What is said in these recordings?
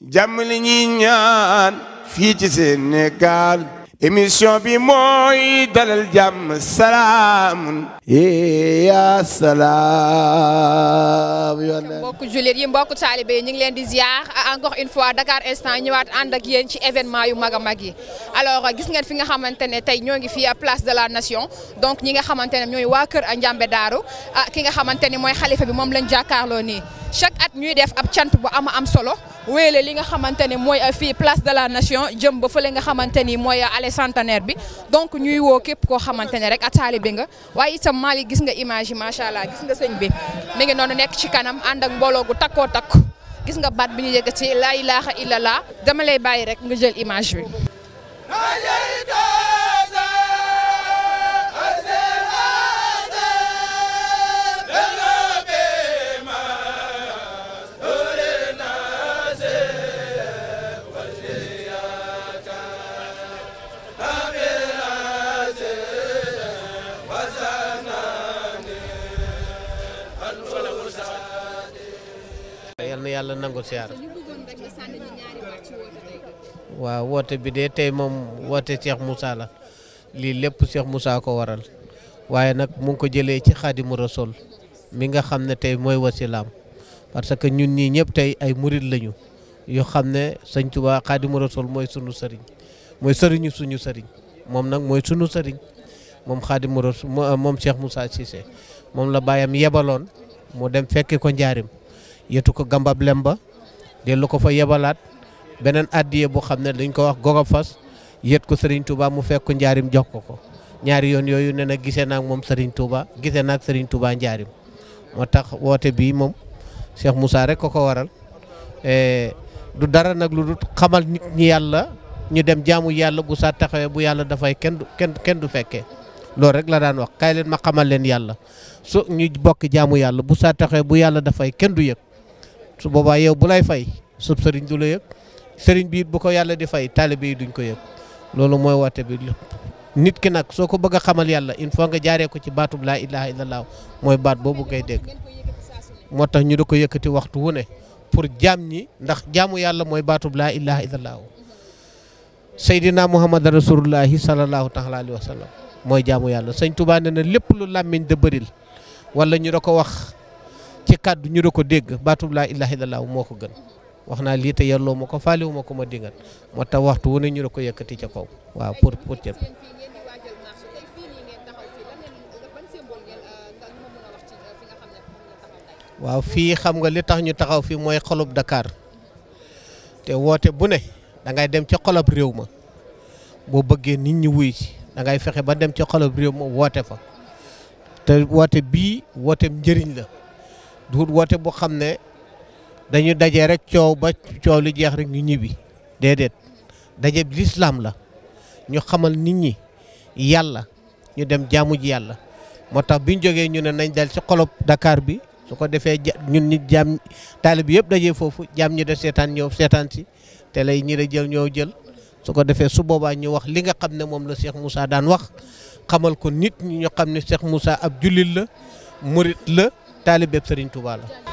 jàmm li ñuy ñaan fii ci Sénégal émission bi mooy dalal jàmm salaam eh, ya salaam mbokk jullit yi mbokk taalibe yi ñu ngi leen di ziar encore une fois Dakar instant ñëwaat ànd ak yéen ci événement yu mag a mag yi alors gis ngeen fi nga xamante ne tey ñoo ngi fi a place de la nation donc ñi nga xamante ne ñooy waa kër a Njambe Daaru ah, ki nga xamante ni mooy xalifa bi moom lañ jàkkaarloo nii chaque at ñuy def ab cant bu am am solo wéele li nga xamante ni mooy fi place de la nation jëm ba fa fële nga xamante ni mooy allée centenaire bi donc ñuy woo képp koo xamante ne rek a taalibe nga waaye itam Malick gis nga image yi macha allah gis nga sëñ bi mi ngi noonu nekk ci kanam ànd ak mbooloo gu takkoo takku gis nga baat bi ñu yëkkati laa ilaaha illallah dama lay bàyyi rek nga jël image bi. siyaar waaw woote bi de tey moom woote seex Moussa la lii lépp seex Moussa ko waral waaye nag mu ngi ko jëlee ci xaadimu rasul mi nga xam ne tey mooy wasilaam parce que ñun ñii ñëpp tey ay murit lañu yoo xam ne sëñ Tuubaa xaadimu rasul mooy sunu sëriñ mooy sëriñu suñu sëriñ moom nag mooy sunu sëriñ moom xaadimu rasul moom Cheikh Moussa Cissé moom la baayam yebaloon mu dem fekki ko njaarim yetu ko gambab lemba lu ko fa yebalaat beneen addiye boo xam ne dañ ko wax gogo fas yët ko Serigne Touba mu fekk njaarim jox ko ko ñaari yoon yooyu ne na gisee naag moom Serigne Touba gisee naag Serigne Touba njaarim moo tax woote bii moom Cheikh Moussa rek ko ko waral e, du dara nag lu dul xamal yàlla ñu dem jaamu yàlla bu saa taxawee bu yàlla dafay kenn du kenn kenn du fekkee loolu rek la daan wax kaay ma xamal leen yàlla su ñu bokk jaamu yàlla bu saa taxawee bu yàlla dafay kenn du yëg su boobaa yow bu lay fay sub sëriñ du la yëg sëriñ bi it bu ko yàlla di fay taalibe yi duñ ko yëg loolu mooy woote bi nit ki nag soo ko bëgg a xamal yàlla il faut nga jaaree ko ci baatub laa ilaha illallah mooy baat boobu ngay dégg moo tax ñu da ko yëkkati waxtu wu ne pour jaam ñi ndax jaamu yàlla mooy baatub laa ilaha illallah saydina muhammad rasulullahi sallallahu taala alihi wa sallam mooy jaamu yàlla sëñ Tuubaa na lépp lu làmmiñ da bëril walla ñu da ko wax ci kàddu ñu da ko dégg baatub laa ilaha illallah moo ko gën wax naa lii te yelloo ma ko faalewu ma ko ma dingat moo tax waxtu wu ne ñu la ko yëkkati ca kaw waaw pour pour waaw fii xam nga li tax ñu taxaw fii mooy xolub dakaar te woote bu ne dangay dem ca xolob réew ma boo bëggee nit ñi wuy dangay fexe ba dem ca xolob réew ma woote fa te woote bii woote njëriñ la du woote boo xam ne dañu daje rek coow ba coow lu jeex rek ñu ñibbi déedéet daje lislaam la ñu xamal nit ñi yàlla ñu dem jaamu ji yàlla moo tax bi ñu jógee ñu ne nañ dal ci xolob dakaar bi su ko defee ñun nit jaam taalib yëpp dajee foofu jaam ñi de seetaan ñëw seetaan si te lay ñi da jël ñoo jël su ko defee su boobaa ñu wax li nga xam ne moom la Cheikh Moussa daan wax xamal ko nit ñi ñu xam ne Cheikh Moussa ab jullit la murit la taalib yëpp Serigne la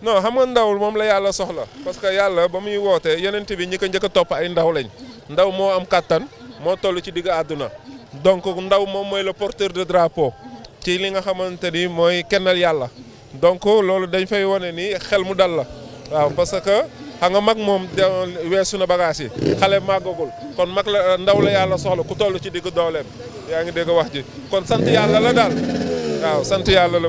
non xam nga ndawul moom la yàlla soxla parce que yàlla ba muy wootee yonent bi ñi ko a topp ay ndaw lañ ndaw moo am kàttan moo toll ci digg àdduna donc ndaw moom mooy la porteur de drapeau ci li nga xamante ni mooy kennal yàlla donc loolu dañ fay wane nii xel mu dal la waaw parce que xam nga mag moom weesu na bagage yi xale màggagul kon mag la ndaw la yàlla soxla ku toll ci digg dooleem yaa ngi dégg wax ji kon sant yàlla la daal waaw sant yàlla la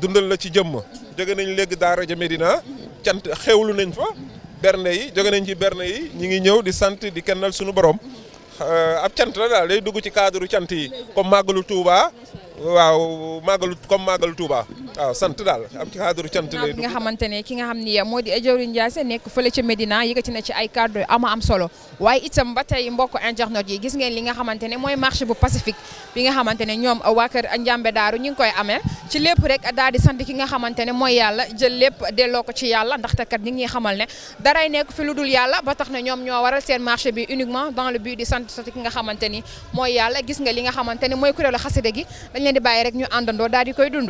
dundal la ci jëmm jóge nañ léegi daara ja Médina cant xewlu nañ fa berne yi jóge nañ ci berne yi ñu ngi ñëw di sant di kennal suñu borom ab cant la daal day dugg ci cadre cant yi comme màggalu tuubaa waaw màggalu comme màggalu Touba. waaw sant daal am ci xaadiru cant nga xamante ne ki nga xam ni moo di Jawriñ Ndiasse nekk fële ca Médina yëkkati na ci ay kàddu ama am solo waaye itam ba tey mbokk internet yi gis ngeen li nga xamante ne mooy marché bu pacifique bi nga xamante ne ñoom waa kër Njambe Daaru ñu ngi koy amee ci lépp rek daal di sant ki nga xamante ne mooy yàlla jël lépp delloo ko ci yàlla ndaxte kat ñi ngi xamal ne daray nekk fi lu dul yàlla ba tax na ñoom ñoo waral seen marché bi uniquement dans le but di sant sant ki nga xamante ni mooy yàlla gis nga li nga xamante ne mooy kuréelu xasida gi leen di bàyyi rek ñu àndandoo daal di koy dund.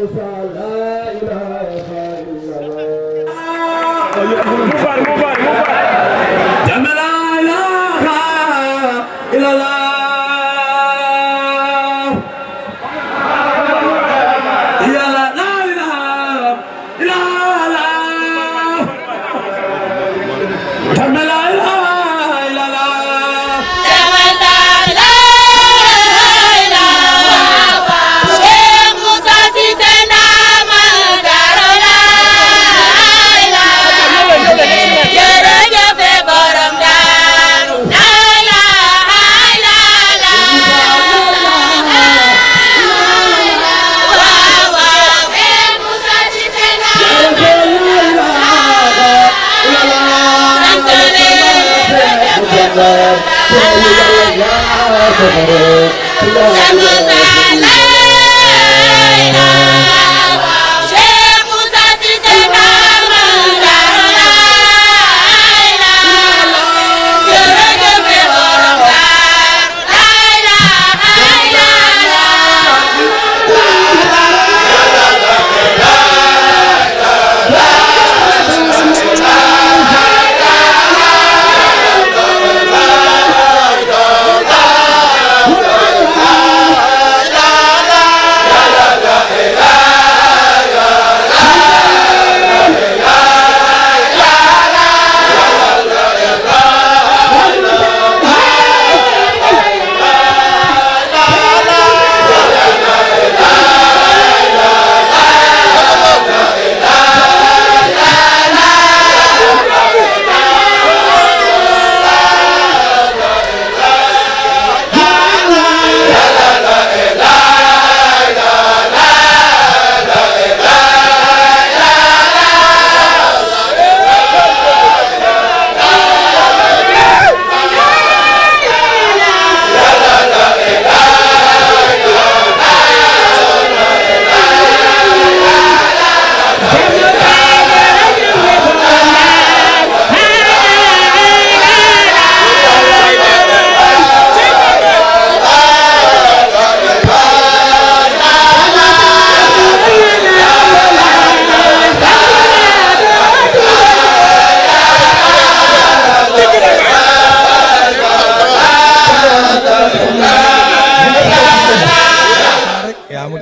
Musa, Sama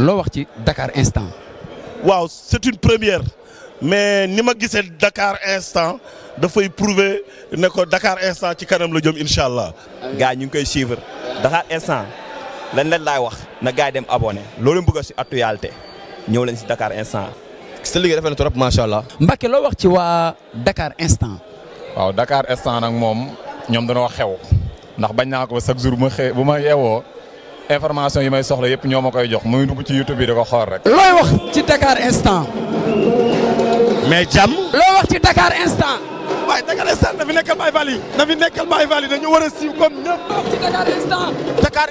loo wax ci Dakar instant. waaw c'est une première mais ni ma Dakar instant dafay prouver ne Dakar instant ci kanam la jëm incha allah. gars ñu ngi koy suivre Dakar instant lan leen laay wax na gars yi dem abonné loolu bëgg si actualité ñëw leen si Dakar instant. sa liggéey rafet na trop macha allah. Mbacke loo wax ci waa Dakar instant. waaw Dakar instant nag moom ñoom dañoo xew ndax bañ naa ko chaque jour bu ma xee information yi may soxla yëpp ñoo ma koy jox muy dugg ci YouTube bi da ko xool rek. looy wax ci Dakar instant. mais jàmm. looy wax ci Dakar instant. Dakar instant dafi nekkal Baye Fall yi. dafi nekkal Baye Fall yi dañu war a siiw comme ñëpp. looy wax Dakar instant. a Twitter. Dakar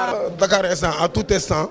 instant. Dakar instant à instant.